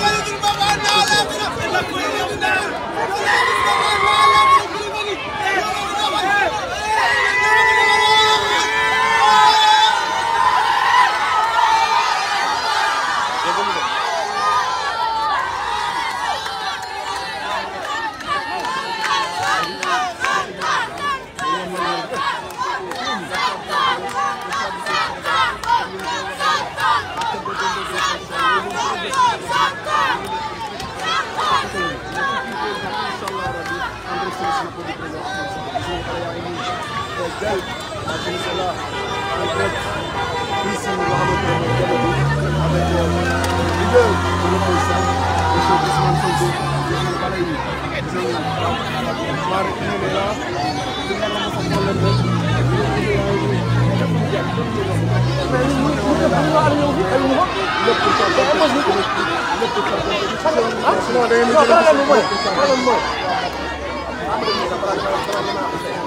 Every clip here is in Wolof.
Muhammadun Baba na la والجلب عبد الصلاح والجلب بيسي محمد الجلبي avec leader de l'opposition, le chef Ousmane Sonko, le chef Balayi. Je Mar Nimela, le maire de Saint-Paul-Lembe, le président de la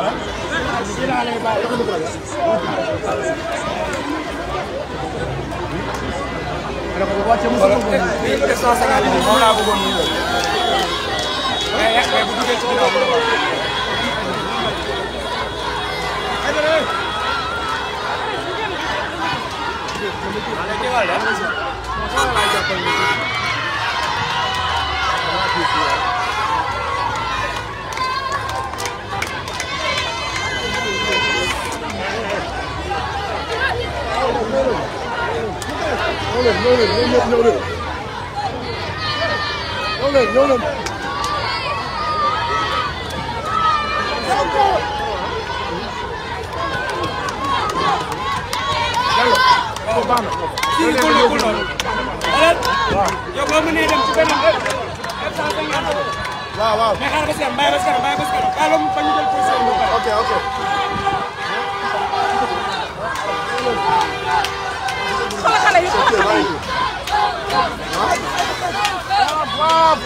Allez, tu vas là. On va pas ñëw leen ñëw leen ñëw leen kii ko loolu loolu. yow boo mënee dem ci beneen heure. waaw waaw mais xaaral ba si am bàyyi ba si kanam bàyyi ba si kanam bàyyi ba mu fa ñu jël position bi ok ok. xoolal xale yi xoolal xale yi. waaf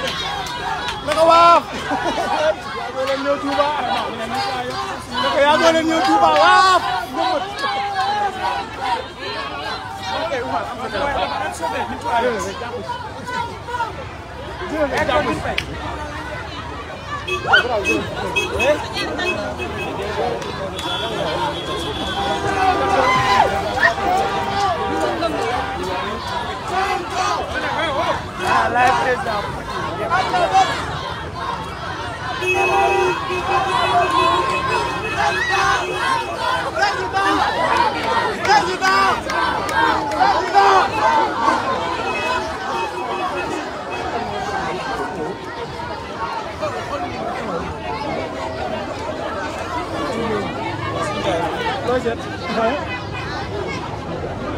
naka waaf yaa leen ñëw Touba naka yaa leen ñëw Touba waaf ñëw laay président Pleasure.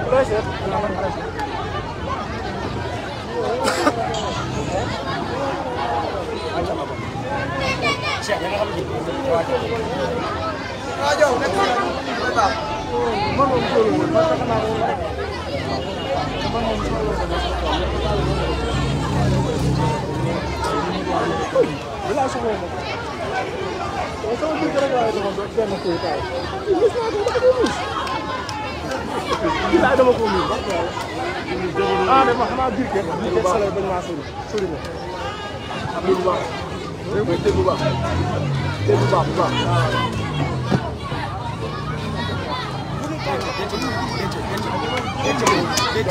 Pleasure. Cheikh nga xam ne. waaw waaw waaw téye bu baax téye bu baax bu baax. déet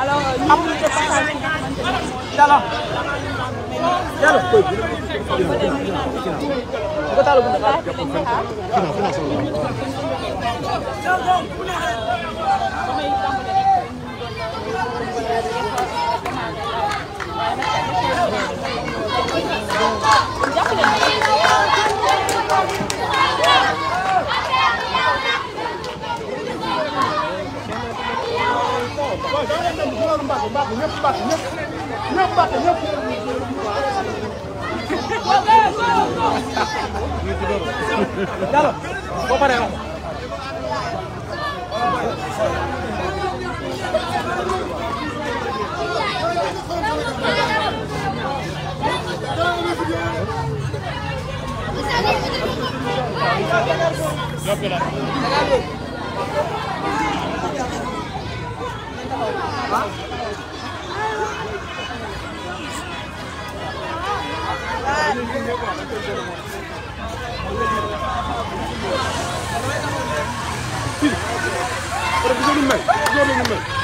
alors am na ci passage bi nga xamante ne dara yàlla koy bu loolu Mbacke Mbacke ñëpp Mbacke ñëpp ñëpp Mbacke ñëpp. dara boo paree wax. Jàpp la. Kii, wala bu ngeen di mel, bu ngeen di mel.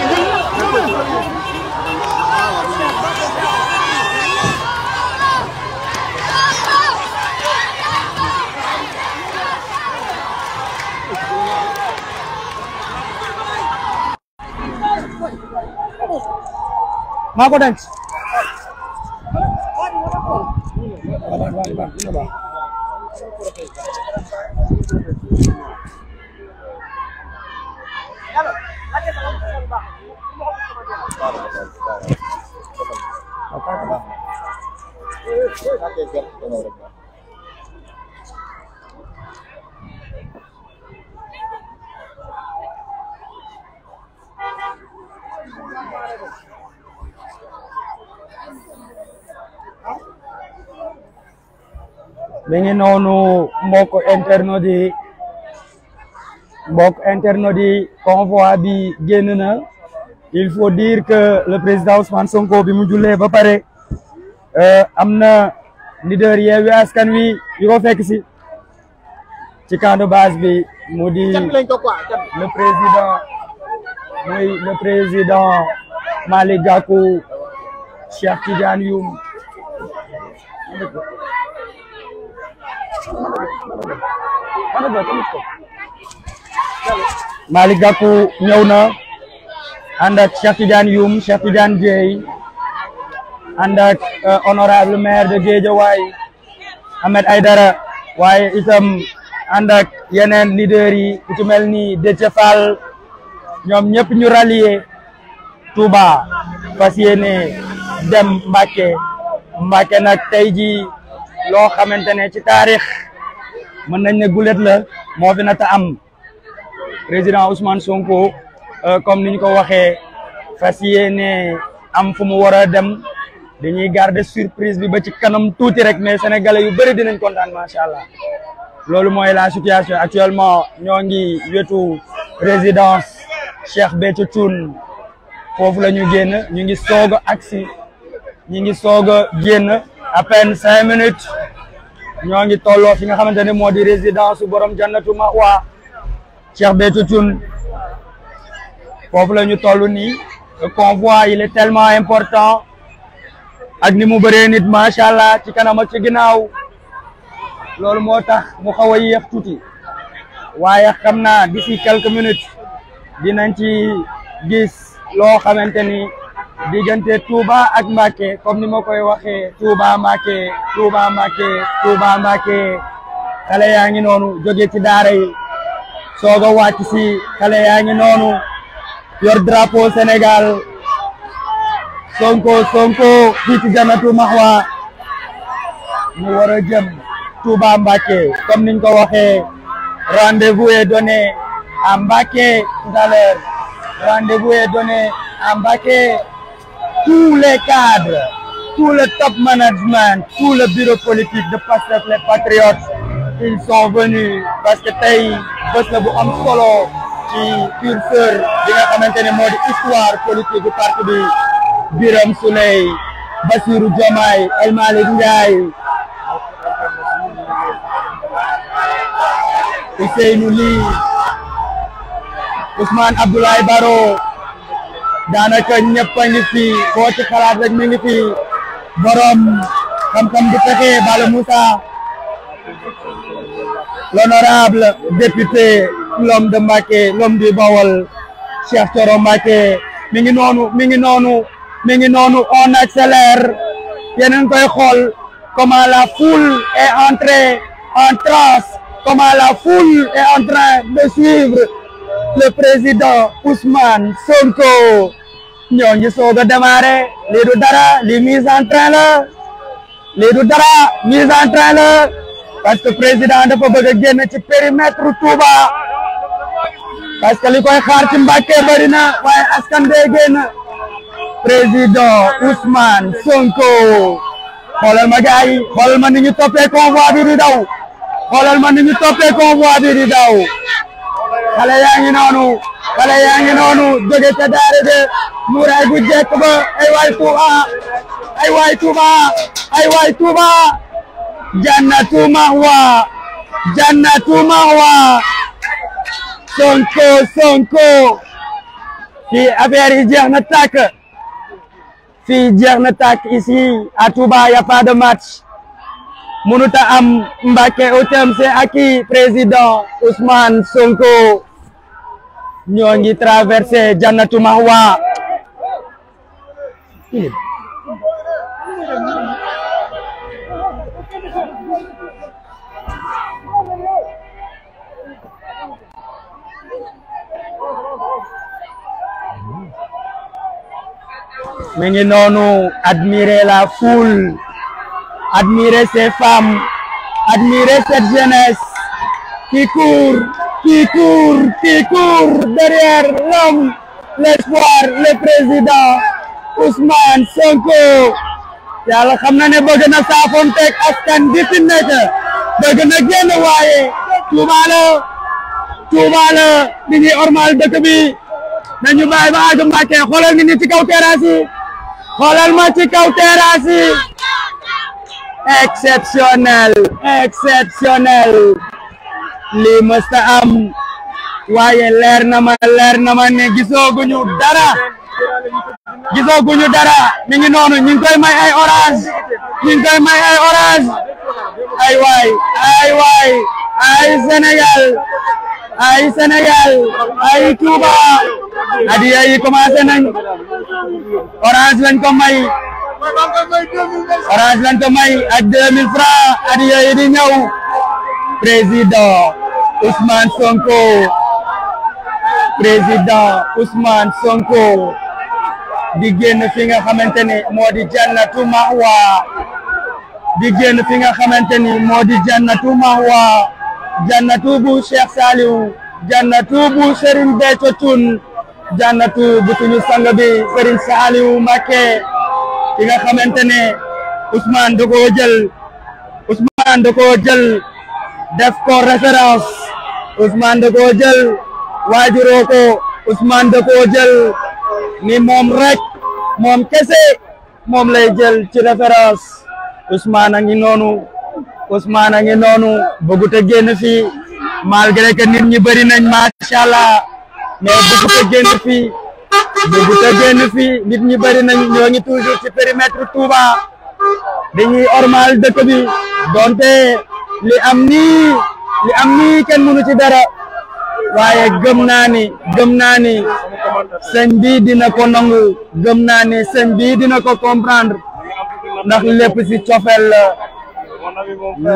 हा कोटन्स Okay, good. mi ngi noonu mbokk interno yi mbokk internautes yi convoi bi génn na il faut diir que le président Ousmane Sonko bi mu jullee ba pare euh, am na leader Yewwi Askan Wi yu ko fekk si ci camp de bi mu di le président muy le président Malick Gakou Cheikh Tidiane Malick Gakou ñëw na ànd ak Cheikh Tidiane Youm Cheikh Tidiane Dieye euh, honorable maire de Guédiawaye Ahmed Aïdara waaye itam ànd ak yeneen leaders yi ku ni Déthié ñoom ñëpp ñu rallier Touba fas dem Mbacké Mbacké nag tey loo xamante ne ci taarix mën nañ ne gulet la moo fi na ta am président Ousmane Sonko euh, comme ni ñu ko waxee fas yéene am fu mu war a dem dañuy garder surprise bi ba ci kanam tuuti rek mais sénégalais yu bëri dinañ kontaan macha allah loolu mooy la situation actuellement ñoo ngi wetu résidence Cheikh Béthio Thioune foofu la ñu génn ñu ngi soog a agsi ñu ngi soog a génn à peine cinq minutes ñoo ngi tolloo fi nga xamante ni moo di résidence su borom jannatu Mahwa Cheikh Béthio Thioune foofu la ñu toll nii le convoi il est tellement important ak ni mu bëree nit macha allah ci kanam ak ci ginnaaw loolu moo tax mu xaw a yéex tuuti waaye xam naa d'ici quelques minutes dinañ ci gis loo xamante ni. diggante Touba ak Mbacké kom ni ma koy waxe Touba Mbacké Touba Mbacké Touba Mbacké xale yaa ngi noonu jóge ci daara yi soog a wàcc si xale yaa ngi noonu yor drapeau Sénégal Sonko Sonko fii ci Janatu Mahwa mu war jëm Touba Mbacké comme niñ ko waxee rendez-vous est donné à Mbacké tout à l'heure donné à Mbacké tous les cadres tout le top management tout le bureau politique de Pastef les patriotes ils sont venus parce que tey bés la bu am solo ci pure seur bi nga xamante ne moo di histoire politique bu parti bi Birame Souleye Bassirou Diomaye El Malick Ndiaye Ousseynou Ly Ousmane Abdoulaye Baro daanaka ñëpp a ngi koo ci xalaat rek mi ngi fi borom xam-xam bu fexe l'honorable député l'homme de Mbacké l'homme du Bawol Cheikh Thioro Mbacké mi ngi noonu mi ngi noonu mi ngi noonu on accélère yéen a ngi koy xool comment la foule est entrée en transe comment la foule est en de suivre le président Ousmane Sonko ñoo ngi soog a démarrer du dara lii mise en train la lii du dara mise en train la parce que président dafa bëgg a génn ci périmètre Touba parce que li koy xaar ci Mbàkke bari na waaye askan bee génn président Ousmane Sonko xoolal ma gars yi ma ni ñu toppee convoi ma ni ñu toppee convoi bi di daw. xale yaa ngi noonu xale yaa ngi noonu jóge ca daare de muuraay gu jekk ba ay waay Touba ay waay Touba jannatu mahwa jannatu mahwa Sonko Sonko fii affaire jeex na tàkk fii jeex na tàkk ici à Touba y a pas match mënut a am Mbacké UTMC ak i président Ousmane Sonko ñoo ngi traversé Jannatu Mahwa mi ngi noonu admirer la foule admirer ces femmes, admirer cette jeunesse qui court, qui le président Ousmane Sonko. yàlla xam na ne bëgg na saafonteeg askan bi fi nekk bëgg na génn waaye tuuba la tuuba la di dëkk bi nañu bàyyi ba àgg Mbàkke xoolal nit ñi ci kaw terrasse xoolal ma ci kaw terrasse exceptionnel exceptionnel lii mësta am waaye leer na ma leer na ma ne gisooguñu dara gisooguñu dara mi noonu ñu ngi koy may ay orange ñu koy may ay orange ay waay ay waay ay Sénégal ay Sénégal ay Touba hadiya yi commencé nañ orange lañ ko may orange lañ ko may ak 2000 francs hadiya yi di ñëw président Ousmane Sonko président Ousmane Sonko di génn fi nga xamante ni moo di jannatu mahwa génn fi nga xamante ni moo di jannatu mahwa jannatu bu Cheikh Saliou jannatu bu Serigne Béthio Thioune jannatu bu suñu sang bi Serigne Saliou ki nga xamante ne usmaan da koo jël Ousmane da def ko référence Ousmane da koo jël waajuroo ko Ousmane da koo jël ni moom rek moom kese moom lay jël ci référence usmaan a ngi noonu Ousmane a ngi noonu bëggut a génn fi malgré que nit ñi bëri nañ macha allah mais bëggut a génn fii bëggut a génn fii nit ñi bëri nañ ñoo ngi toujours ci périmètre Touba dañuy ormal dëkk bi donte li am nii li am kenn mënu ci dara waaye gëm naa ni gëm naa ni sëñ bi dina ko nangu gëm naa ni sëñ bi dina ko comprendre ndax lépp ci cofeel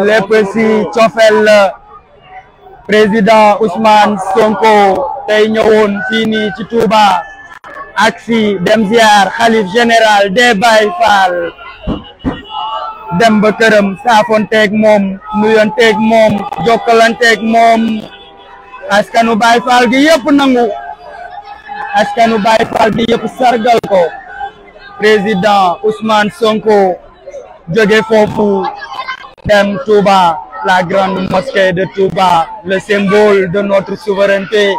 lépp si président Ousmane Sonko tey ñëwoon fii nii ci Touba ak si dem ziar xalif général des Baye dem ba këram saafonteeg moom nuyonteeg moom jokkalanteeg moom askanu Baye Fall gi yëpp nangu askanu Baye Fall gi yëpp sargal ko président Ousmane Sonko jóge foofu Dem Touba, la grande mosquée de Touba, le symbole de notre souveraineté,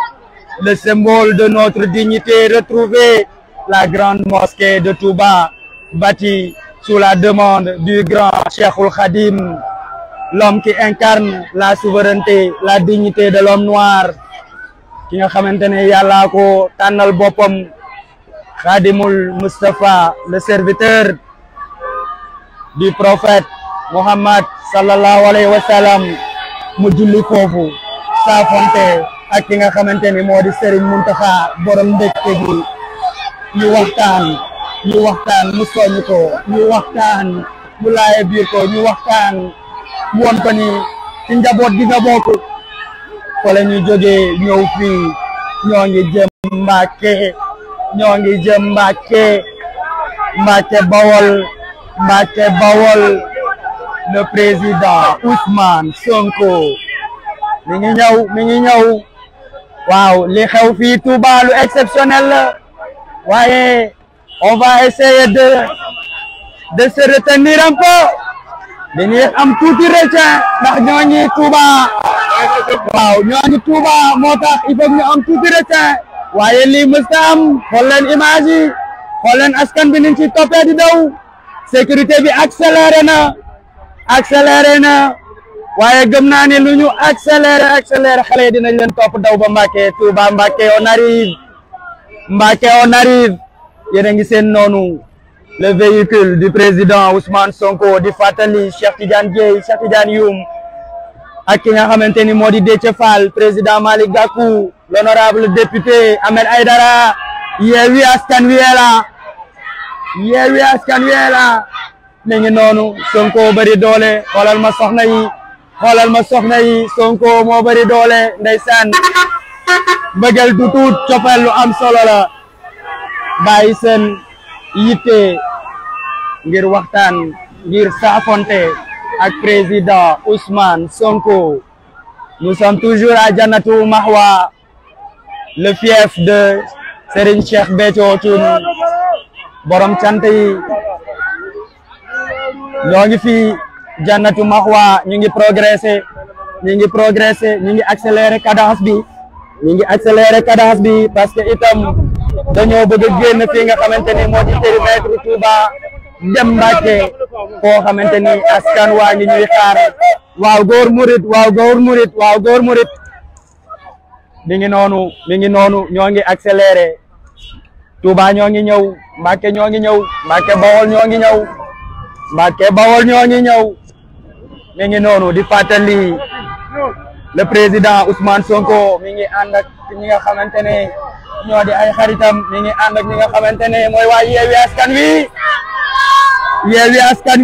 le symbole de notre dignité retrouvée, la grande mosquée de Touba, bâtie sous la demande du grand Cheikhoul Khadim, l'homme qui incarne la souveraineté, la dignité de l'homme noir, ki nga xamante ne yàlla ko tànnal boppam Khadimul Mustafa, le serviteur du prophète Mohammed sallallahu alayhi wa sallam mu julli foofu saafonte ak ki nga xamante ni moo di Serigne Mountakha borom mbégte gi ñu waxtaan ñu waxtaan mu soññ ko ñu waxtaan mu laaye biir ko ñu ñoo ngi jëm Mbàkke ñoo ngi jëm Mbàkke Mbàkke Bawol Mbàkke Bawol le président Ousmane Sonko mi ngi ñëw mi ngi ñëw waaw li xew fii Touba lu exceptionnel waaye on va de de se retenir un peu dañuy am tuuti retien ndax ñooñi Touba waaw ñooñi Touba moo tax il faut am tuuti retien waaye lii mësta am xool leen askan bi niñ ci toppee di daw sécurité bi accéléré na accéléré na waaye gëm naa ne lu ñu accéléré accéléré xale yi dinañ leen topp daw ba Mbacké Touba Mbacké on arrive Mbacké on arrive yéen a ngi seen noonu le véhicule du président Ousmane Sonko di fàttali Cheikh Tidiane Dieye Cheikh Tidiane Youm ak ki nga xamante ni moo di Déthié Fall président Malick Gakou l'honorable député Ahmed Aïdara Yewwi Askan Wi la Yewwi Askan Wi la mi ngi noonu Sonko bari doole xoolal ma soxna yi ma soxna yi Sonko moo bari doole ndeysaan bëggal du tuut coppal am solo la bàyyi seen yitte ngir waxtaan ngir saafonte ak président Ousmane Sonko nous sommes toujours à Jannatul Mahwa le fief de Serigne Cheikh Béthio borom cant yi ñoo ngi fi jannatu maxwa ñu ngi progressé ñu ngi progressé ñu ngi accéléré cadence bi ñu ngi accéléré cadence bi parce que itam dañoo bëgg a génn fii nga xamante ni moo di périmètre dem Mbàkke koo xamante ni askan waa ngi ñuy xaar waaw góor murit waaw góor murit waaw góor murit ngi noonu mi ngi noonu ñoo ngi accéléré Touba ñoo ngi ñëw Mbàkke ñoo ngi ñëw Mbàkke Bawol ñoo ngi ñëw Mbàkke Bawol ñooñu ngi noonu di fàttali le président Ousmane Sonko mi ngi ànd ak nga xamante ne ñoo di ay xaritam mi ngi ànd ak nga xamante ne mooy waa Askan Wi Yewwi Askan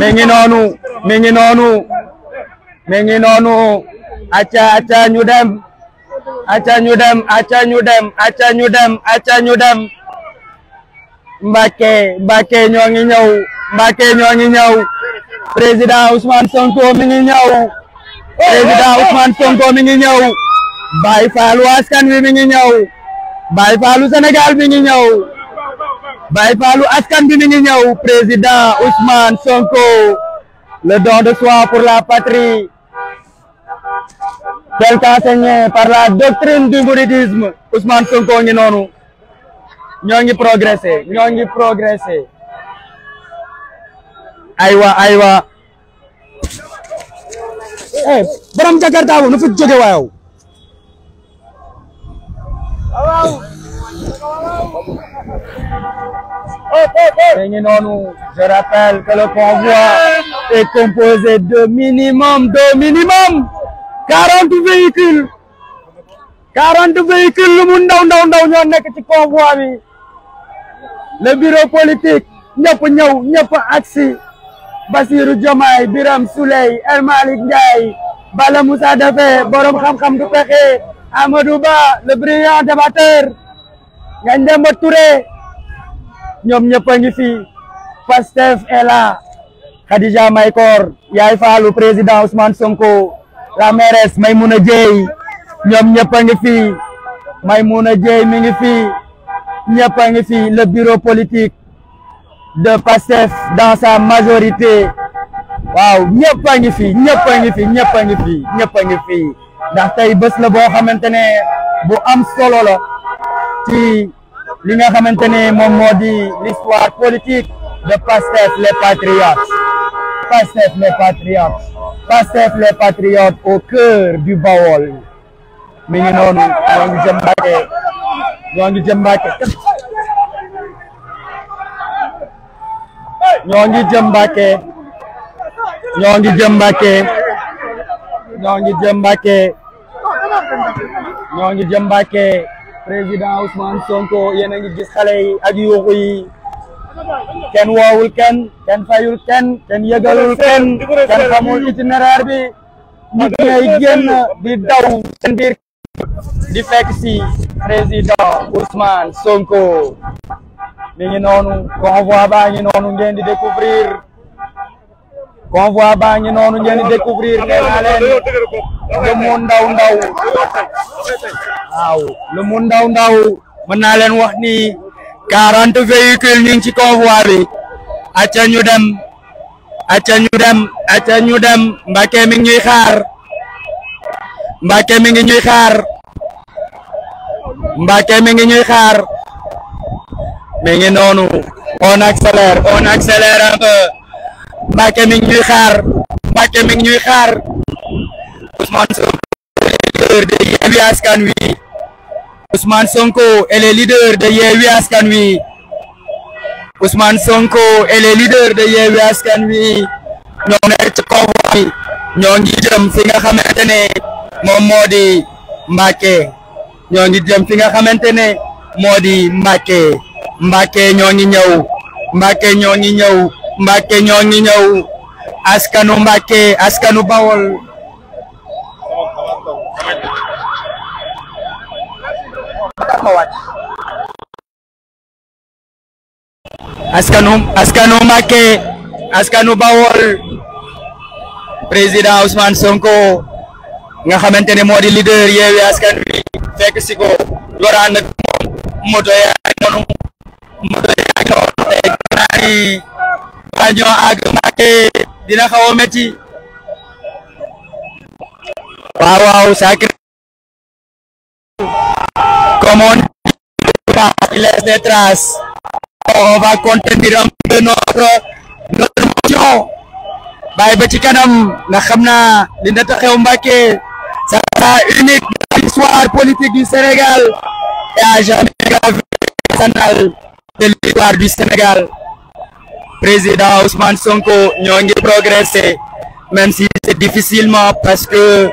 Wi mi noonu mi noonu mi noonu acca acca ñu dem acca ñu dem acca ñu dem acca ñu dem acca ñu dem Mbacké Mbacké ñoo ngi ñëw Mbacké ñoo ngi ñëw président Ousmane Sonko mi ngi ñëw président Ousmane Sonko mi ngi ñëw Baye Fallou askan wi mi ngi ñëw Baye Fallou Sénégal mi ñëw Baye Fallou askan bi mi ngi ñëw président Ousmane Sonko le don de soi pour la patrie tel qu'enseigné par la doctrine du mouridisme Ousmane Sonko ngi noonu ñoo ngi progressé ñoo ngi progressé aywa aywa eh borom jakarta nu fi jóge waaw ngi noonu je rappelle que le convoi de minimum de minimum quarante véhicules quarante véhicules lu mu ndaw ndaw ndaw ñoo nekk ci convoi bi le bureau politique ñëpp ñëw ñëpp aksi Bassirou Diomaye Birame Souley El Malick Ndiaye Bala Moussa Dafé xam-xam du pexe Amadou Ba le brillant débatteur Ngagne Demba Touré ñoom ñëpp a fi Pastef est là Maykor yaay faalu président Ousmane Sonko la mun a Dieye ñoom ñëpp a ngi fii a Dieye mi ngi fi ñëpp a ngi fii le bureau politique de PASTEF dans sa majorité waaw ñëpp a ngi fii ñëpp a ngi fii ñëpp a ngi fi ñëpp a ngi fii ndax tey bés la boo xamante ne bu am solo la ci li nga xamante ne moom moo di l'histoire politique de PASTEF les patriotes Pastef les patriotes Pastef les patriotes au cœur du Bawol mi ngi noonu ñoo ngi jëm Mbàkke ñoo ngi jëm Mbàkke ñoo ngi jëm Mbàkke ñoo ngi jëm Mbàkke ñoo ngi jëm a ngi gis kenn woowul kenn kenn fayul kenn kenn yëgalul kenn kenn xamul itinéraire bi nit ñay génn di daw seen si président Ousmane Sonko mi ngi noonu convoi baa ngi noonu ngeen di découvrir convoi baa ngi noonu ngeen di découvrir nee naa leen mu ndaw ndaw waaw le mu ndaw ndaw mën naa wax ni quarante véhicules ñu ngi ci convoi bi acca ñu dem acca ñu dem acca ñu dem Mbacké mi ñuy xaar Mbacké mi ngi ñuy xaar Mbacké mi ngi ñuy xaar mi ngi noonu on accélère on accélère un peu mi ñuy xaar Mbacké mi ñuy xaar Ousmane Sonko leader de Yewwi Askan Wi Ousmane Sonko est le leader de Yewwi Wi Ousmane Sonko est le Wi ngi jëm fi nga xamante ne moom moo di Mbacké ñoo ngi jëm fi nga xamante ne moo di Mbacké Mbacké ñoo ngi ñëw Mbacké ñoo ngi ñëw Mbacké ñoo ngi ñëw askanu Mbacké askanu Bawol taxawaat askanu askanu Mbacké askanu Bawol président Ousmane Sonko nga xamante ne moo di leader Yewwi Askan Wi fekk si ko loraan moom moto yaa noonu moto yaa noonu tey gannaaw yi waa dina xaw a métti waaw waaw sacré comme on pas laisse contenir un peu notre notre motion. bàyyi ba ci kanam xam naa li na taxew Mbacké ça sera unique dans l'histoire politique du Sénégal et à jamais national de l'histoire du Sénégal président Ousmane Sonko ñoo ngi même si c'est difficilement parce que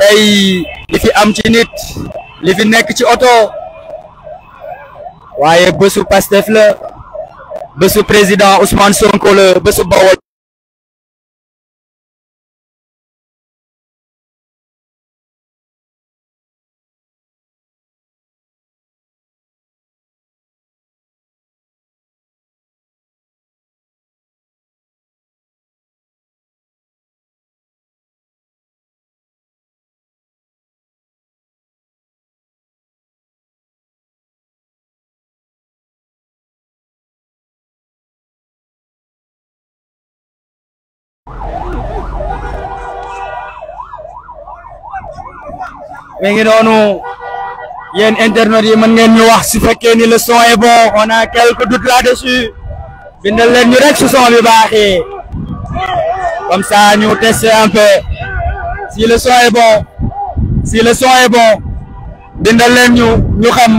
tey li am ci nit li fi nekk ci oto waaye bésu Pastef la bésu président Ousmane Sonko la bésu Bawol mi ngi noonu yéen internet yi mën ngeen ñu wax si fekkee ni le son est bon on a quelques doutes là-dessus bindal leen ñu rek su son bi baaxe comme ça ñu tester en peu si le son bon si le son est bon bindal leen ñu ñu xam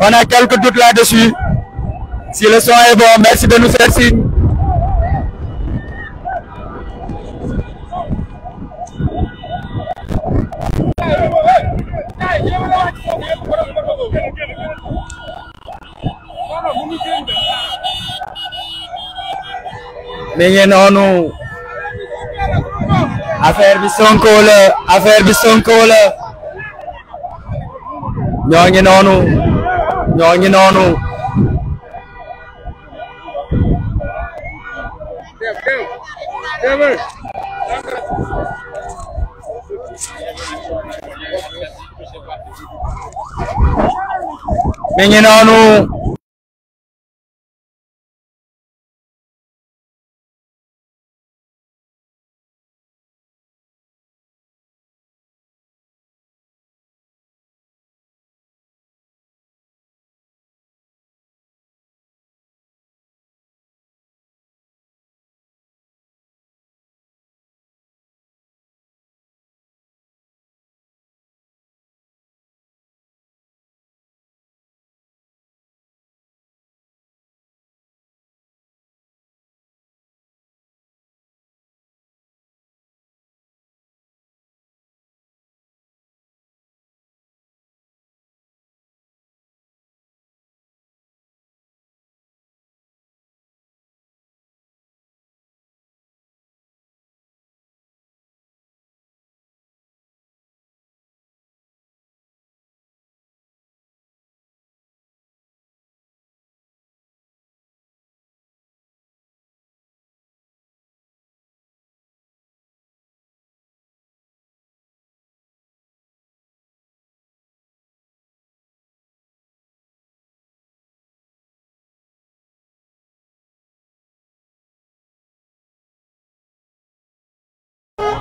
on quelque quelques doutes là-dessus si le son est bon merci de nous faire mi ngi noonu affaire bi Sonko la affaire bi Sonko noonu ñoo noonu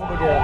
Over there.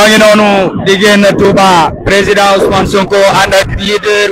ñoo ngi noonu di génn Touba président Ousmane Sonko ànd ak leader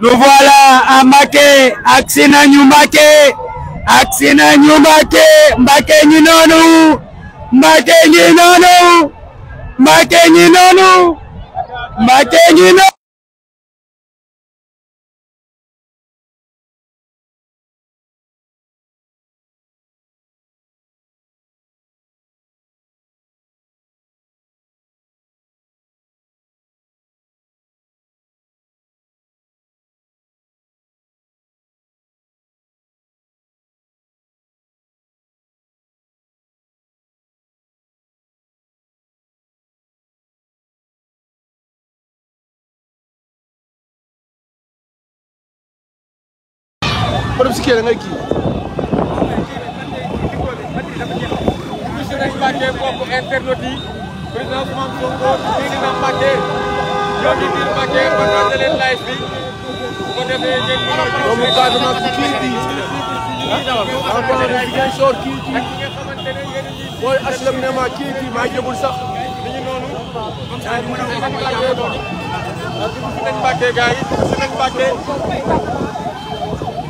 nous voilà à Mbacké agsi nañu Mbacké agsi nañu Mbacké Mbacké ñi noonu Mbacké ñi noonu Mbacké ñi noonu Mbacké ñi noonu borom si kii da ngay kii. président Mbacke mbokku internaute yi président Ousmane Sonko dégg na Mbacke ñoo ngi biir Mbacke ba doon leen live bi bu ko defee ngeen mën a. doomu Casamance bi kii di. encore di ngeen soor kii di. mooy aslam ne ma kii di maa jëbul sax. dañu noonu. comme ça ñu mën a wax ak Mbacke doon. parce que bu fi nekk Mbacke gars yi bu fi nekk Mbacke.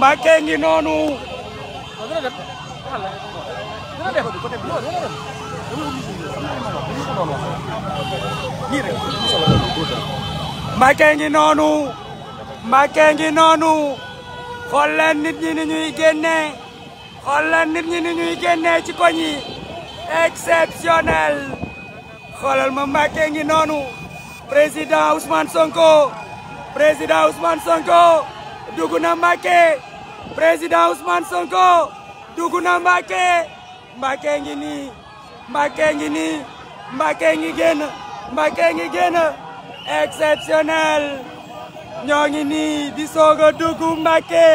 Mbacke ngi noonu Mbacke ngi noonu Mbacke ngi noonu nit ñi ni ñuy génnee xool leen nit ñi ni ñuy génnee ci koñ yi exceptionnel ma Mbacke ngi noonu président Ousmane Sonko président Ousmane Sonko dugg na président Ousmane Sonko dugg na Mbacké Mbacké ngi nii Mbacké ngi nii Mbacké ngi génn Mbacké ngi génn exceptionnel ñoo ngi nii di soog a dugg Mbacké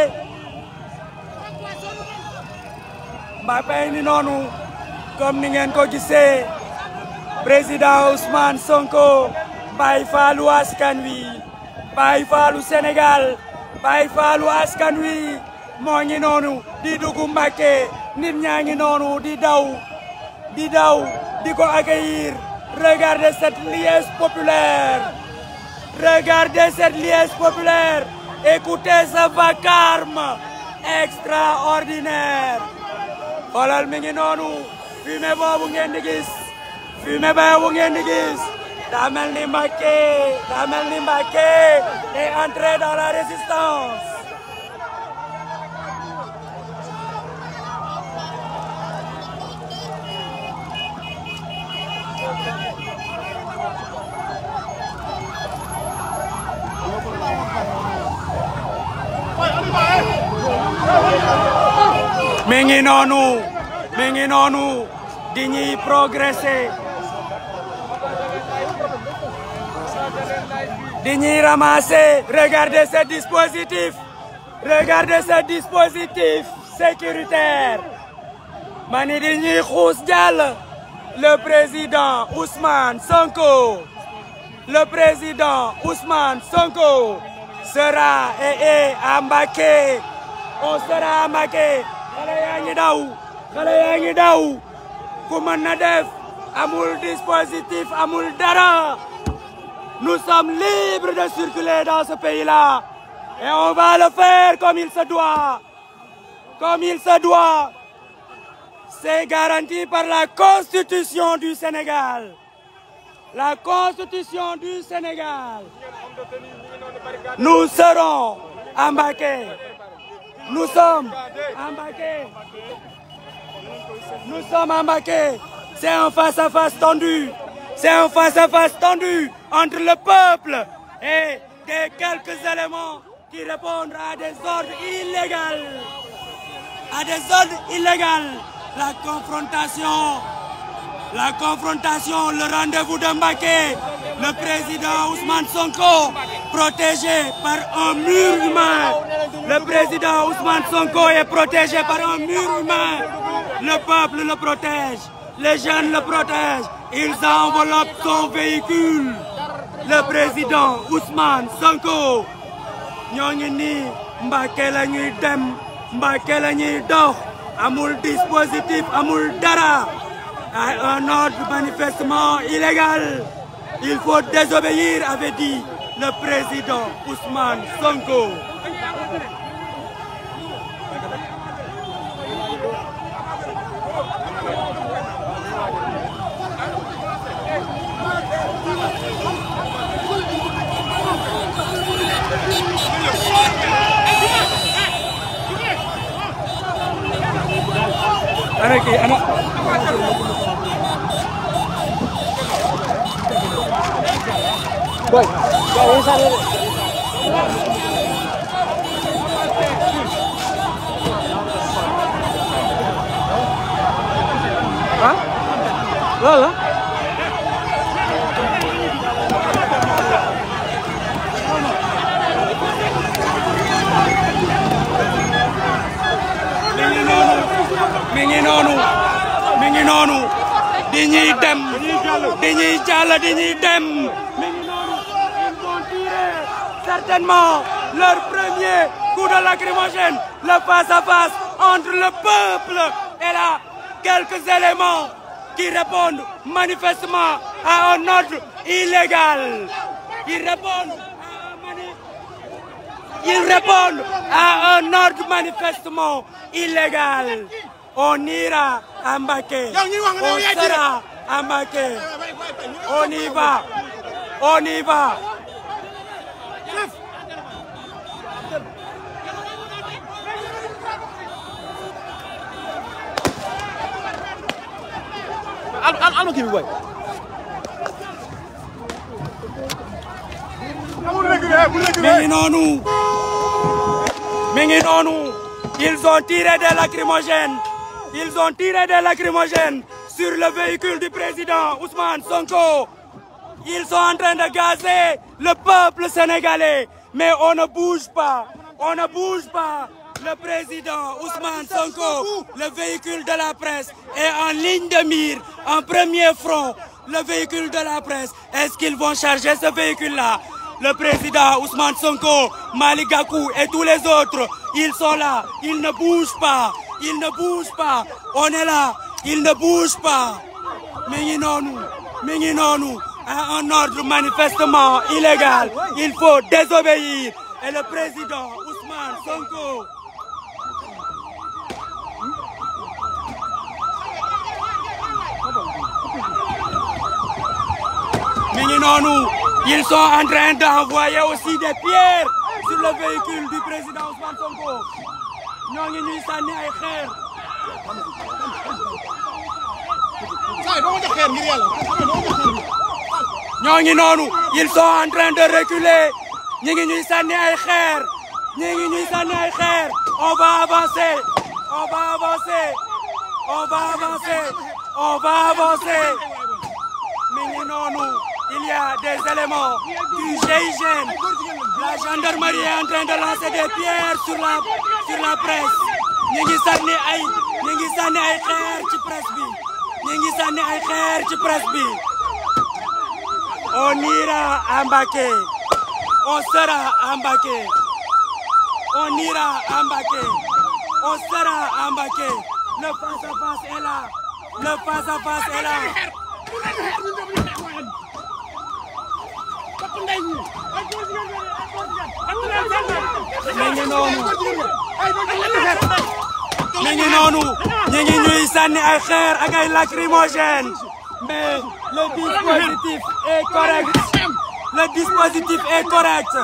Mbacké ngi noonu comme ni ngeen ko gisee président Ousmane Sonko bàyyi faalu wi bàyyi faalu Sénégal bàyyi faalu askan wi moo ngi noonu di dugg Mbàkke nit ñaa ngi noonu di daw di daw di ko accueillir regardez cette liesse populaire regardez cette liesse populaire écoutez ce vacarme extraordinaire xoolal mi ngi noonu fumée boobu ngeen di gis boobu ngeen di gis ni Mbàkke daa ni Mbàkke est entré dans la résistance mi ngi noonu mi ngi noonu di ñuy progresser ñuy ramasser regardez ce dispositif regardez ce dispositif sécuritaire mani di ñuy le président Ousmane Sonko le président Ousmane Sonko sera et est à on sera Mbacké xale yaa ngi daw xale amul dispositif amul dara nous sommes libres de circuler dans ce pays-là et on va le faire comme il se doit c'est garanti par la Constitution du Sénégal la Constitution du Sénégal nous serons à Nous sommes embarqués. Nous sommes C'est un face-à-face tendu. C'est un face-à-face tendu entre le peuple et des quelques éléments qui répondent à des ordres illégaux. À des ordres illégaux. La confrontation La confrontation, le rendez-vous de le président Ousmane Sonko, protégé par un mur humain. Le président Ousmane Sonko est protégé par un mur humain. Le peuple le protège, les jeunes le protègent. Ils enveloppent son véhicule. Le président Ousmane Sonko ñoo ngi nii dem Mbacké la amul dispositif amul dara. à un ordre manifestement illégal. Il faut désobéir, avait dit le président Ousmane Sonko. Ana kii ana Boy. Boy, inside of it. Huh? Lala? mi ngi noonu mi noonu di ñuy dem di ñuy jàll di ñuy dem certainement leur premier coup de lacrymogène, le face-à-face entre le peuple et là, quelques éléments qui répondent manifestement à un ordre illégal. On ira à Mbaké. On sera à Mbaké. On y va. alma kii bi booy. mi ils ont tiré des lacrymogènes. ils ont tiré des lacrymogènes sur le véhicule du président Ousmane Sonko. ils sont en train de gazer le peuple sénégalais mais on ne bouge pas on ne bouge pas. le président Ousmane Sonko, le véhicule de la presse, est en ligne de mire, en premier front, le véhicule de la presse. Est-ce qu'ils vont charger ce véhicule-là Le président Ousmane Sonko, Malik Gakou et tous les autres, ils sont là, ils ne bougent pas, On est là, ils ne bougent pas. Mais à un ordre manifestement illégal, il faut désobéir. Et le président Ousmane Sonko, ngi noonu ils sont en train d'envoyer aussi des pierres sur du président Ousmane ñoo ngi ñuy ay xeer. ñoo ngi noonu ils sont en train de reculer ñi ngi ñuy ay xeer ñi ngi ñuy sànni ay xeer on va avancer on va avancer on va avancer on va avancer mi ngi il y a des éléments du GIGN. La gendarmerie de lancer sur la sur la presse. ñu ngi ay ñu ngi ay xeer ci presse bi. ñu ngi ay xeer ci presse bi. On ira à Mbacké. On sera à Mbacké. On ira à Mbacké. On sera à Mbacké. Le face à face est là. mi ngi noonu ngi ngi ñuy sànni ay xeer ak ay lacrymogène mais le dispositif est correct le dispositif est correct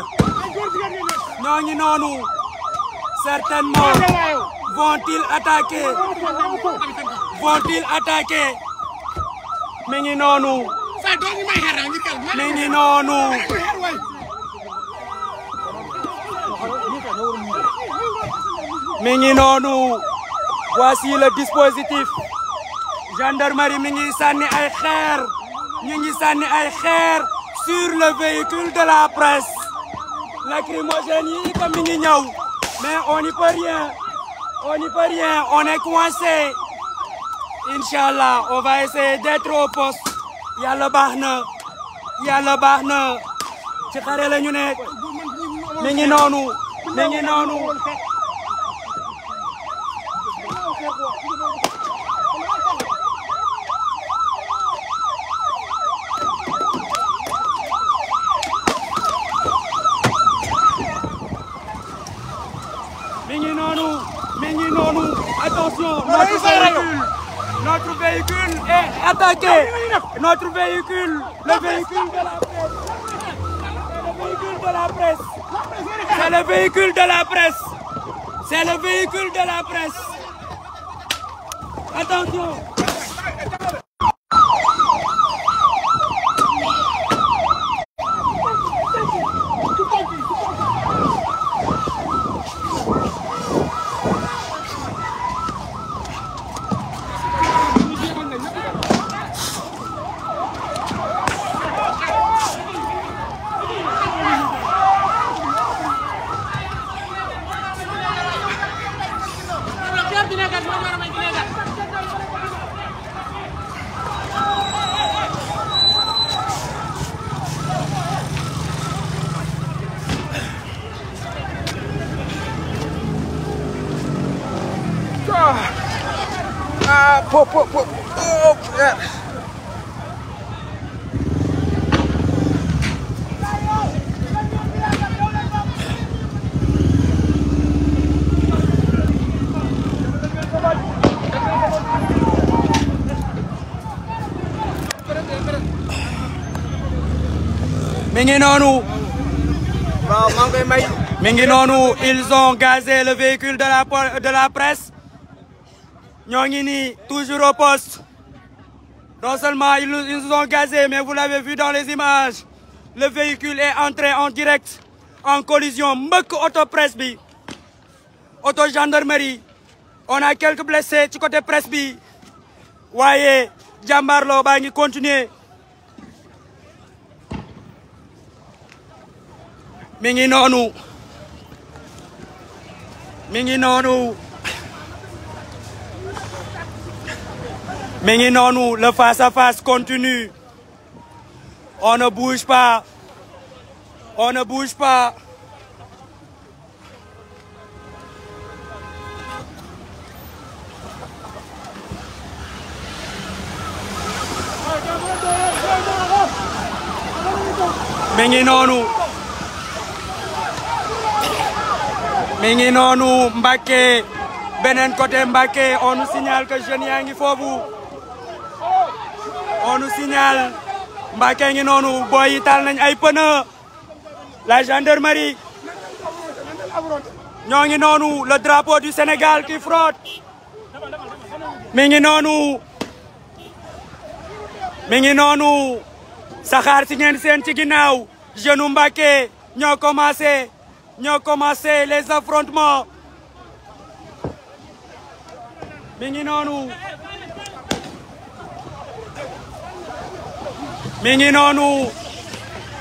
ñoo ngi noonu certainement vont-ils attaquer vont-ils ngi noonu Nini noonu. noonu. voici le dispositif. gendarmerie mi ngi sànni ay xeer. sur le véhicule de la presse. lacrymogène yi itam mi ngi mais on n'y peut rien. on n'y peut rien on est coincé. Inch'Allah on va essayer d'être au poste. yàlla baax na yàlla baax na ci xare ñu nekk mi noonu mi noonu mi ngi noonu mi ngi Notre véhicule est eh, attaqué. Notre véhicule, le véhicule de la presse. C'est le véhicule de la presse. C'est le véhicule de la presse. Attention. mi ngi noonu. waaw ngi koy may. mi ngi noonu ils ont gazé le véhicule de la de presse. ñoo ngi nii toujours au poste. non seulement ils nous ont gazé mais vous l'avez vu dans les images. le véhicule est entré en direct en collision mbëkk auto presse bi. auto gendarmerie. on a quelques blessés ci côté presse bi. waaye jàmbaarloo baa ngi continuer. mi ngi noonu mi ngi noonu mi ngi noonu le face à face continue on ne bouge pas on ne bouge pas mi ngi mi ngi noonu Mbacké beneen côté Mbacké on nous signale que jeunes ngi foofu on nous signale Mbacké ngi noonu boy yi taal nañ ay pneu la gendarmerie ñoo ngi noonu le drapeau du Sénégal ki frotte mi ngi noonu mi ngi noonu saxaar si ngeen seen ci ginnaaw jeune Mbacké ñoo commencé ñoo commencé les affrontements mi ngi noonu mi ngi noonu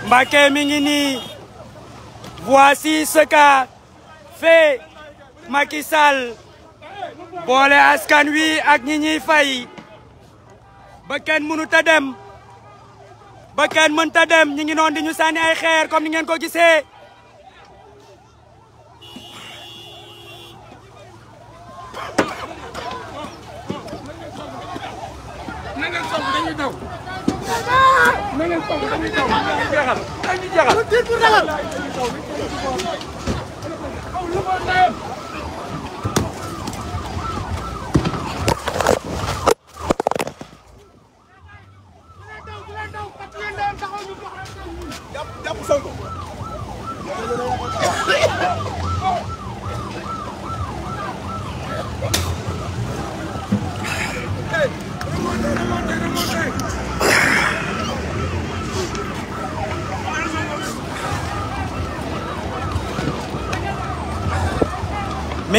Mbacké mi ngi nii voici ce qu'a fait Macky Sall boole askan wi ak ñi ñuy fay ba kenn mënut a dem ba kenn ñi ngi noonu di ñu sànni ay xeer comme ni ngeen ko gisee song dañuy daw. na ngeen song dañuy daw dañuy jeexal dañuy jeexal.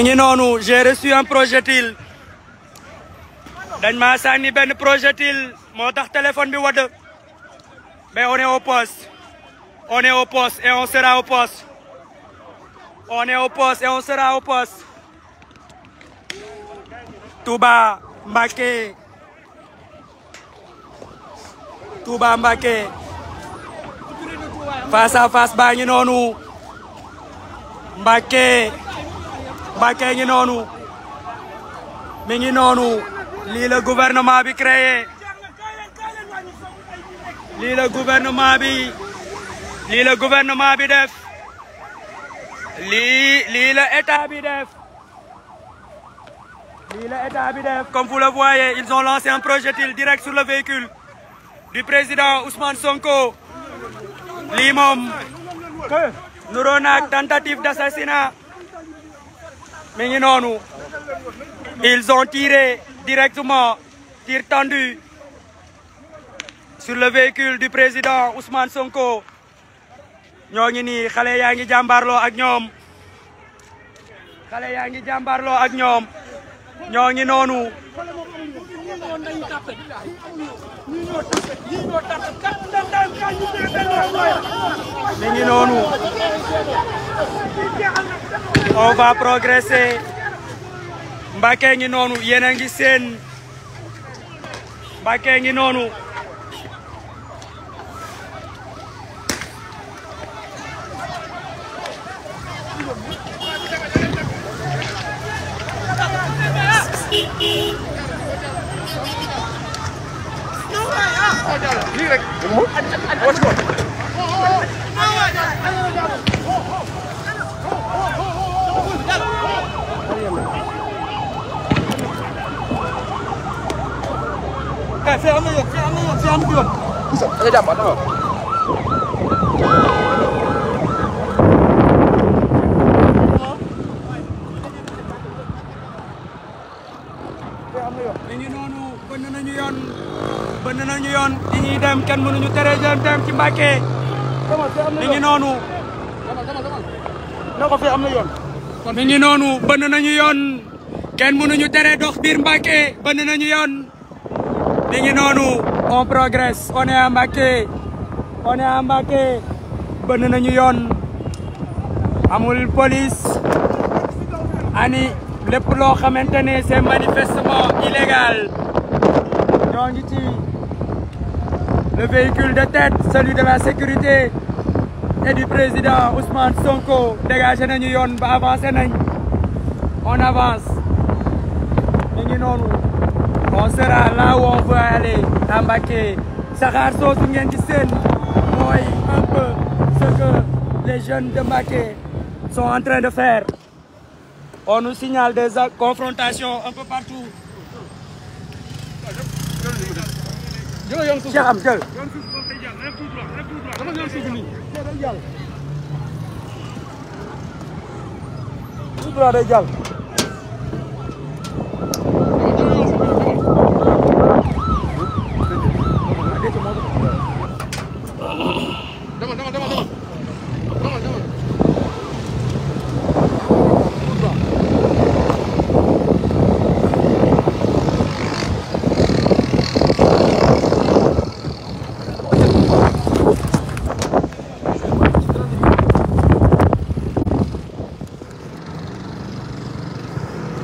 mi ngi noonu j'ai reçu un projectile dañ ma sànni benn projectile moo tax téléphone bi wadd mais on est au poste est on sera au poste on est baa ngi Mbacké i noonu mi ngi noonu lii la gouvernement bi créé lii la gouvernement bi lii la gouvernement bi def la état bi def lii la état bi def comme vous le voyez ils ont lancé un projectile direct sur le véhicule du président Ousmane Sonko lii moom nuroo tentative d'assassinat mi ngi noonu ils ont tiré directement tir tendu sur le véhicule du président Ousmane Sonko ñoo ngi nii xale yaa ngi jàmbaarloo ak ñoom xale yaa ngi jàmbaarloo ak ñoom ñoo ngi noonu tapé ñii ñoo ngi noonu on va a ngi seen Mbacké ngi noonu dem ci Mbàkke mi ngi na ko fi am na yoon mi ngi noonu bënn nañu yoon kenn mënuñu tere dox biir Mbàkke bënn nañu yoon mi noonu on progresse on est à Mbàkke on est yoon amul police ani lépp loo xamante ne c'est manifestement illégal le véhicule de tête celui de la sécurité et du président Ousmane Sonko dégagé nañu yoon on avance ñu on sera là où on veut aller à Mbacké saxaar soosu ngeen ci seen un peu ce que les jeunes de Mbacké sont en train de faire on nous signale des confrontations un peu partout Cheikh am jël. tout droit day jàll.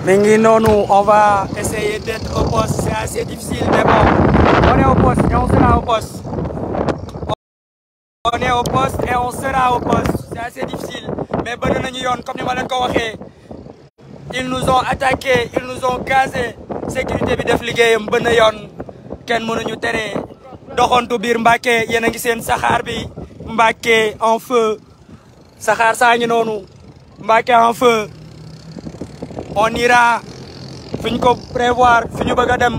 Mais on va essayer d'être au poste. C'est assez difficile, mais bon, on est au poste comme nous ils nous ont attaqués, ils nous ont gazés. Sécurité bi def liggéeyam ba na yoon kenn mënuñu tere doxantu biir Mbacké yéen a ngi seen saxaar bi Mbacké en feu saxaar on ira fi ñu ko prévoir fi ñu bëgg a dem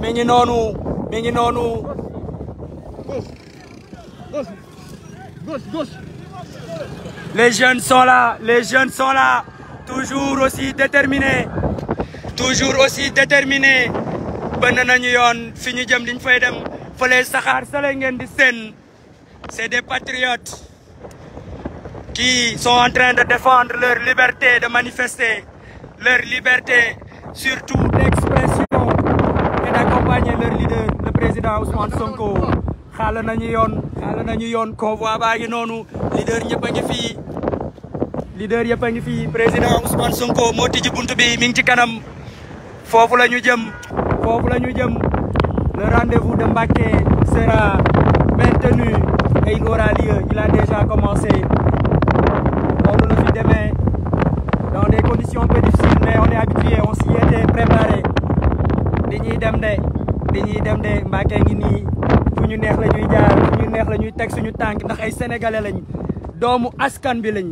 mi ngi noonu mi ngi noonu. les jeunes son la les jeunes sont là toujours aussi déterminés toujours aussi déterminés bënn nañu yoon fi ñu jëm liñ fay dem fële saxaar sale ngeen di seen c'est des patriotes. qui sont en train de défendre leur liberté de manifester, leur liberté surtout d'expression et d'accompagner leur leader, le président Ousmane Sonko. xaala nañu yoon xaala nañu yoon convoi baa ngi noonu leader fii yëpp a ngi fii président Ousmane Sonko moo tijji bi mi ngi ci kanam foofu la ñu jëm foofu la ñu jëm le rendez-vous de Mbacké sera maintenu et il aura lieu il déjà commencé ont des conditions un on est on s'y préparé dañuy dem de dañuy dem de Mbacké ngi nii fu ñu neex la ñuy jaar fu ñu neex la ñuy teg suñu tànk ndax ay sénégalais lañ doomu askan bi lañ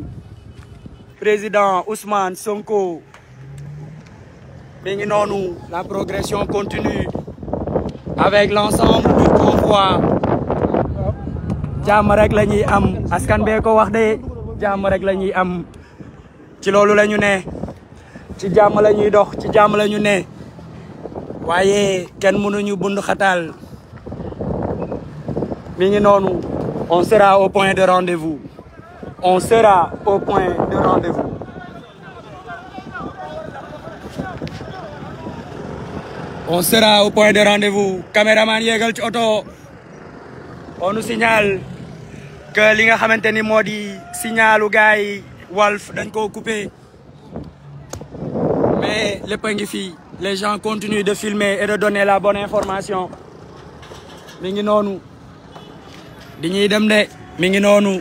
président Ousmane Sonko mi noonu la progression continue avec l'ensemble du convoi jàmm rek la ñuy am askan bee ko wax de jàmm rek la ñuy am ci loolu la ñu ne ci jàmm la ñuy dox ci jàmm la ñu ne waaye kenn mënuñu bund xataal mi ngi noonu on sera au point de rendez on sera au point de rendez-vous on ci oto on nous signale que li nga xamante ni moo di signalu Walf dañ koo coupé mais lépp a ngi fii les gens continuent de filmer et de donner la bonne information mi ngi noonu di ñuy dem de mi ngi noonu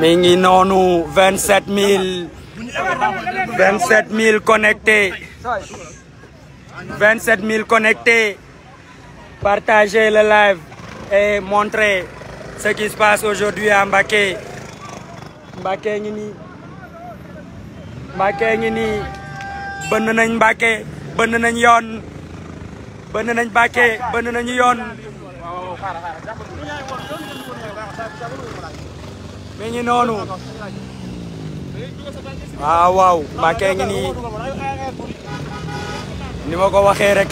mi ngi noonu vingt sept mille vingt sept mille connectés vingt sept mille connectés partagez le live et montrez ce qui se passe aujourd'hui à Mbacké Mbacké ngi nii Mbacké ngi nii bënn nañ Mbacké bënn nañ yoon bënn nañ Mbacké bënn nañu yoon mi ngi noonu waaw ni ma ko waxee rek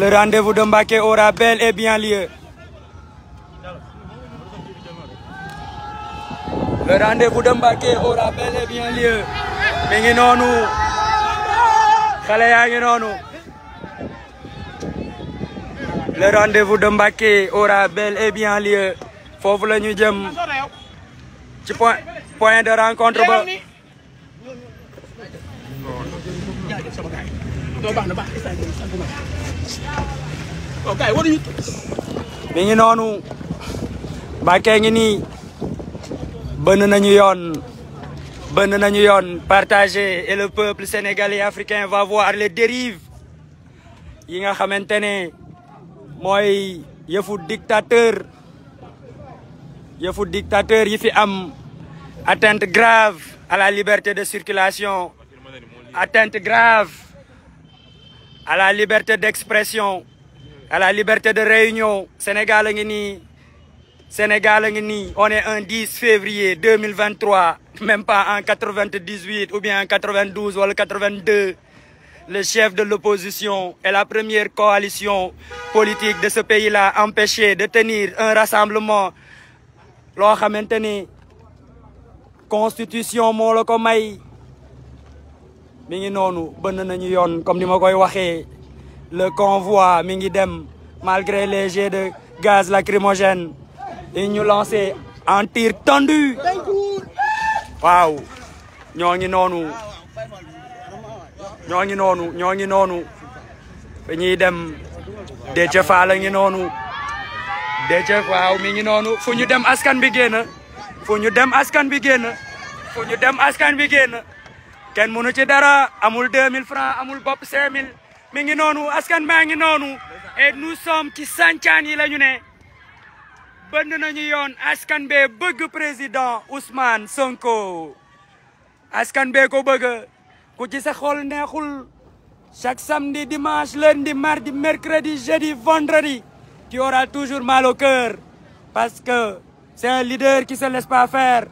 le rendez-vous de Mbacké aura bel bien lieu le rendez de Mbacké aura bel bien lieu mi xale yaa ngi noonu le de Mbacké aura bel bien lieu foofu la ñu jëm ci point de rencontre ba mi ngi noonu Mbacké ngi nii bënn nañu yoon bënn nañu yoon partagé et le peuple sénégalais africain va voir les dérives yi nga xamante ne mooy yëfu dictateur yëfu dictateur yi fi am atteinte grave à la de circulation atteinte grave à la liberté d'expression à la de réunion Sénégal a ngi nii Sénégal a ngi nii on est un 10 février 2023 même pas en 98 ou bien en 92 wala 82 le chef de l'opposition et la première coalition politique de là empêché de tenir un rassemblement loo xamante ni constitution moo la ko may mi ngi noonu bënn nañu yoon comme ni ma koy waxee le convoi mi ngi dem malgré les jets de gaz lacrymogène et ñu lancé en tir tendu waaw ñoo ngi noonu ñoo ngi noonu ñoo ngi noonu ñuy dem Déthié Fall a ngi noonu Déthié waaw mi ngi noonu fu ñu dem askan bi génn fu ñu dem askan bi génn fu ñu dem askan bi génn kenn mënu ci dara amul 2000 francs amul bopp 5000 mi ngi noonu askan baa ngi noonu et nous sommes ci sàncaan yi la ñu ne bënd nañu yoon askan bee bëgg président Ousmane Sonko askan bee ko bëgg ku ci sa xol neexul chaque samedi dimanche lundi mardi mercredi jeudi vendredi qui aura toujours mal au parce que c'est un leader qui pas faire.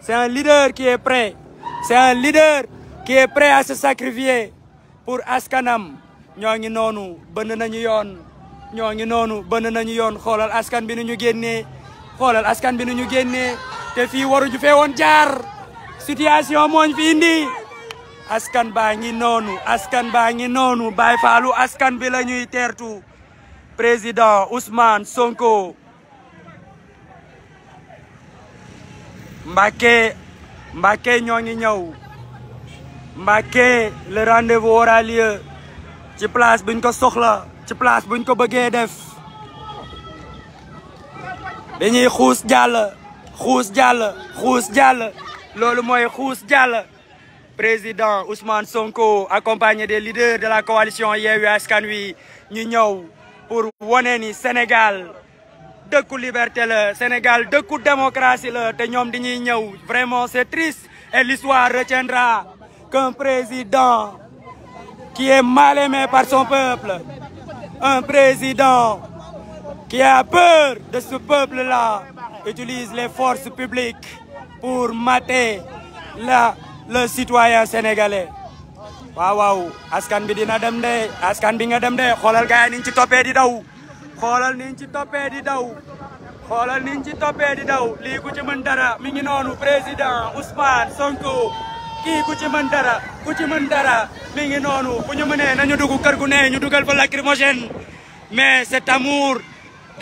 C'est un leader qui est prêt. C'est un leader qui est prêt à se sacrifier pour askanam ñoo ngi noonu bënn nañu yoon ñoo ngi noonu bënn nañu yoon xoolal askan bi nu ñu génnee xoolal askan bi nu ñu génnee te fii waruñu fee woon jaar situation mooñ fi indi askan baa ngi noonu askan baa ngi noonu Baay Faalu askan bi la ñuy teertu président Ousmane Sonko Mbacké Mbacké ñoo ngi ñëw Mbacké le rendez-vous aura ci place buñ ko soxla ci place buñ ko bëggee def dañuy xuus jàll xuus jàll xuus jàll loolu mooy xuus jàll président Ousmane Sonko accompagné des leaders de la coalition Yewwi Askan Wi ñi ñëw pour wane ni Sénégal dëkku liberté la Sénégal dëkku démocratie la te ñoom di ñuy ñëw vraiment c'est triste et l'histoire retiendra qu'un président qui est mal aimé par son peuple un président qui a peur de ce peuple-là utilise les forces publiques pour mater le citoyen sénégalais waaw waaw askan bi dina dem de askan bi nga dem de xoolal gars yi ci toppee di daw xoolal niñ ci toppee di daw xoolal niñ ci toppee di daw lii ku ci dara mi ngi noonu président Ousmane Sonko kii ku ci dara ku ci mën dara mi ngi noonu bu ñu mënee nañu dugg kër gu ne ñu dugal fa lacrymogène mais cet amour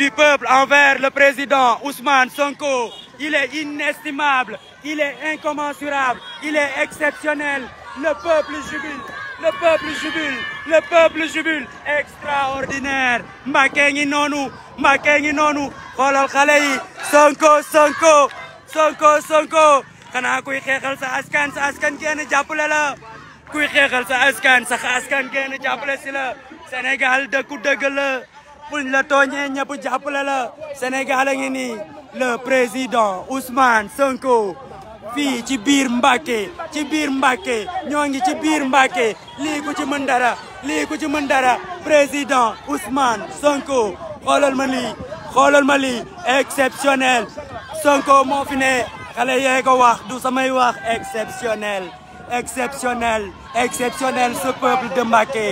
du peuple envers le président Ousmane Sonko il est inestimable il est incommensurable il est exceptionnel le peuple jubile le peuple jubile le peuple jubile extraordinaire Mbacké noonu Mbacké ngi noonu xoolal xale yi Sonko Sonko Sonko Sonko xanaa kuy sa askan sa askan génn jàppale la kuy xeexal sa askan sa askan génn jàppale si la Sénégal dëkku dëgg la la tooñee ñëpp jàppale la le président Ousmane Sonko fii ci biir Mbacke ci biir Mbacke ñoo ngi ci biir Mbacke lii ku ci mën dara lii ku ci mën dara président Ousmane Sonko xoolal ma lii mali ma lii moo fi ne xale yee ko wax du samay wax exceptionnel exceptionnel exceptionnel ce peuple de Mbacké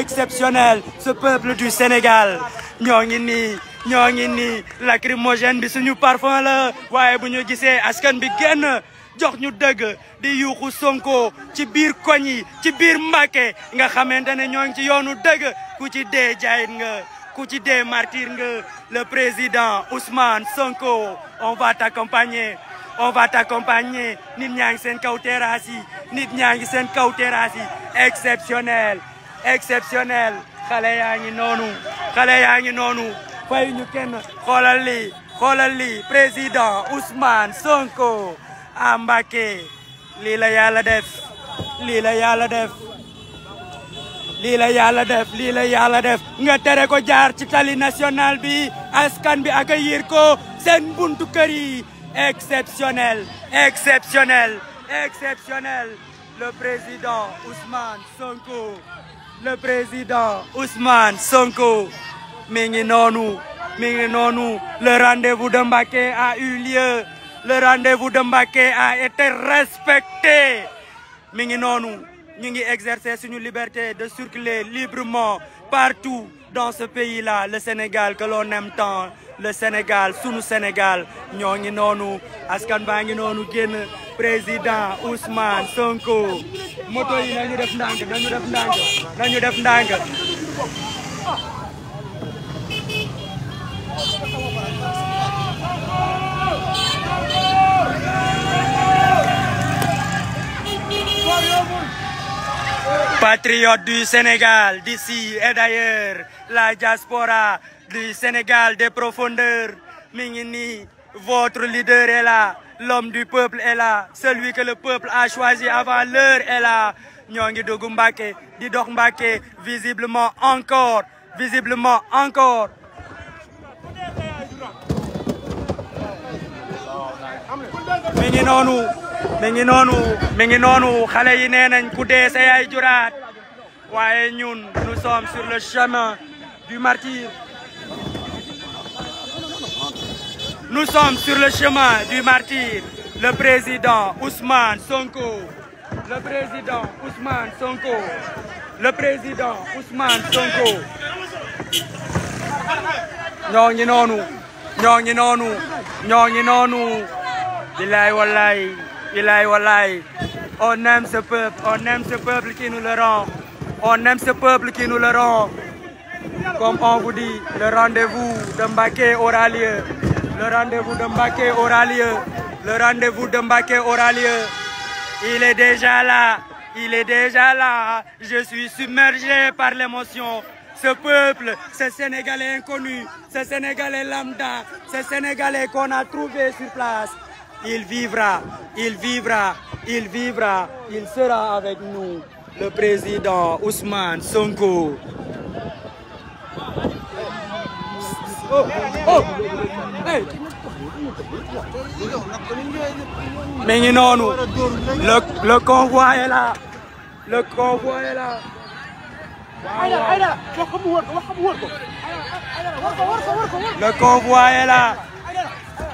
exceptionnel ce peuple du Sénégal ñoo ngi nii ñoo ngi nii lacrymogène bi suñu parfum la waaye bu ñu gisee askan bi génn jox ñu dëgg di yuuxu Sonko ci biir koñ ci biir Mbàkke nga xamante ne ñoo ngi ci yoonu dëgg ku ci dee jaayit nga ku ci dee martyr nga le président Ousmane Sonko on va t'accompagner on va t'accompagner nit ñaa ngi seen kaw nit ñaa ngi seen kaw terrasse yi exceptionnel exceptionnel xale yaa ngi noonu xale yaa ngi noonu fay ñu kenn xoolal lii xoolal lii président Ousmane Sonko a Mbàkke lii la yàlla def lii la yàlla def la yàlla def lii la yàlla def nga tere ko jaar ci tali national bi askan bi accueillir ko seen buntu kër yi exceptionnel exceptionnel le président Ousmane Sonko le président Ousmane Sonko mi ngi noonu le rendez-vous de Mbacké a le rendez-vous de Mbacké a été respecté mi ngi noonu ñu ngi exercer suñu liberté de circuler librement partout dans ce pays-là le Sénégal que l'on aime tant le Sénégal sunu Sénégal ñoo ngi noonu askan baa ngi noonu génn président Ousmane Sonko moto yi def ndànk nañu def ndànk Patriotes du Sénégal, d'ici et d'ailleurs, la diaspora du Sénégal des profondeurs. Mingini, votre leader est là, l'homme du peuple est là, celui que le peuple a choisi avant l'heure est là. Nyongi Dogumbake, Didok Mbake, visiblement encore, visiblement encore. Mingi mi ngi noonu mi ngi noonu xale yi nee nañ ku dee sa juraat waaye ñun nous sommes sur le chemin du martyre nous sommes sur le chemin du martyre le président Ousmane Sonko le président Ousmane Sonko le président Ousmane Sonko ñoo ngi ñoo ngi noonu ñoo Ilaay walaay on aime ce peuple on aime ce peuple qui nous le rend on aime ce peuple qui nous le rend comme on vous dit le rendez-vous de Mbacké aura lieu le rendez-vous de Mbacké est déjà il est déjà là je suis submergé par l'émotion ce peuple ce Sénégalais inconnu ce Sénégalais lambda ce Sénégalais qu'on a trouvé sur place Il vivra, il vivra, il sera avec nous. Le président Ousmane Sonko. Oh, oh, hey. mi le le est là.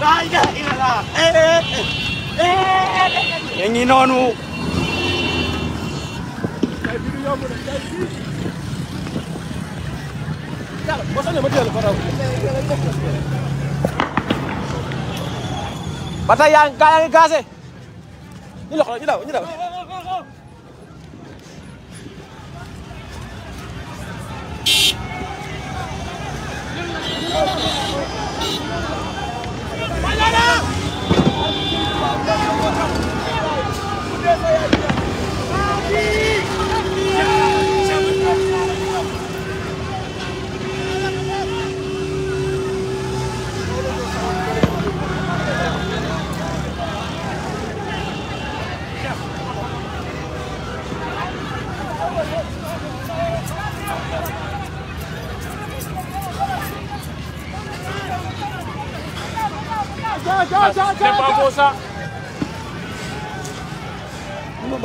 laa ilaaha illallaah ñu noonu ba tey yaa ngi gaa yaa ngi gaase ñu loxo ñu daw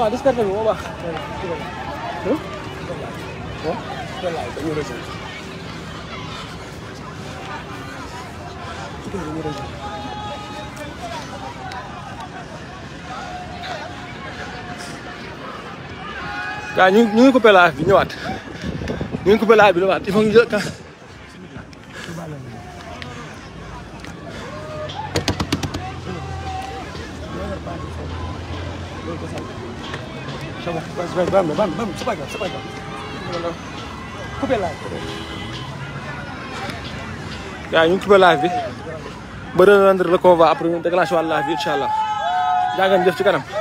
Mbaa disperser bi moo baax. waaw ñu ngi ñu ngi coupé live bi ñëwaat ñu ngi coupé live bi ñëwaat il faut ñu jël Verme, verme, verme, c'est pas grave, c'est pas grave. Coupez live. gars ñu ngi coupé live bi ba rendre après ñu déclenché waat live bi incha allah jaa ngeen ci kanam.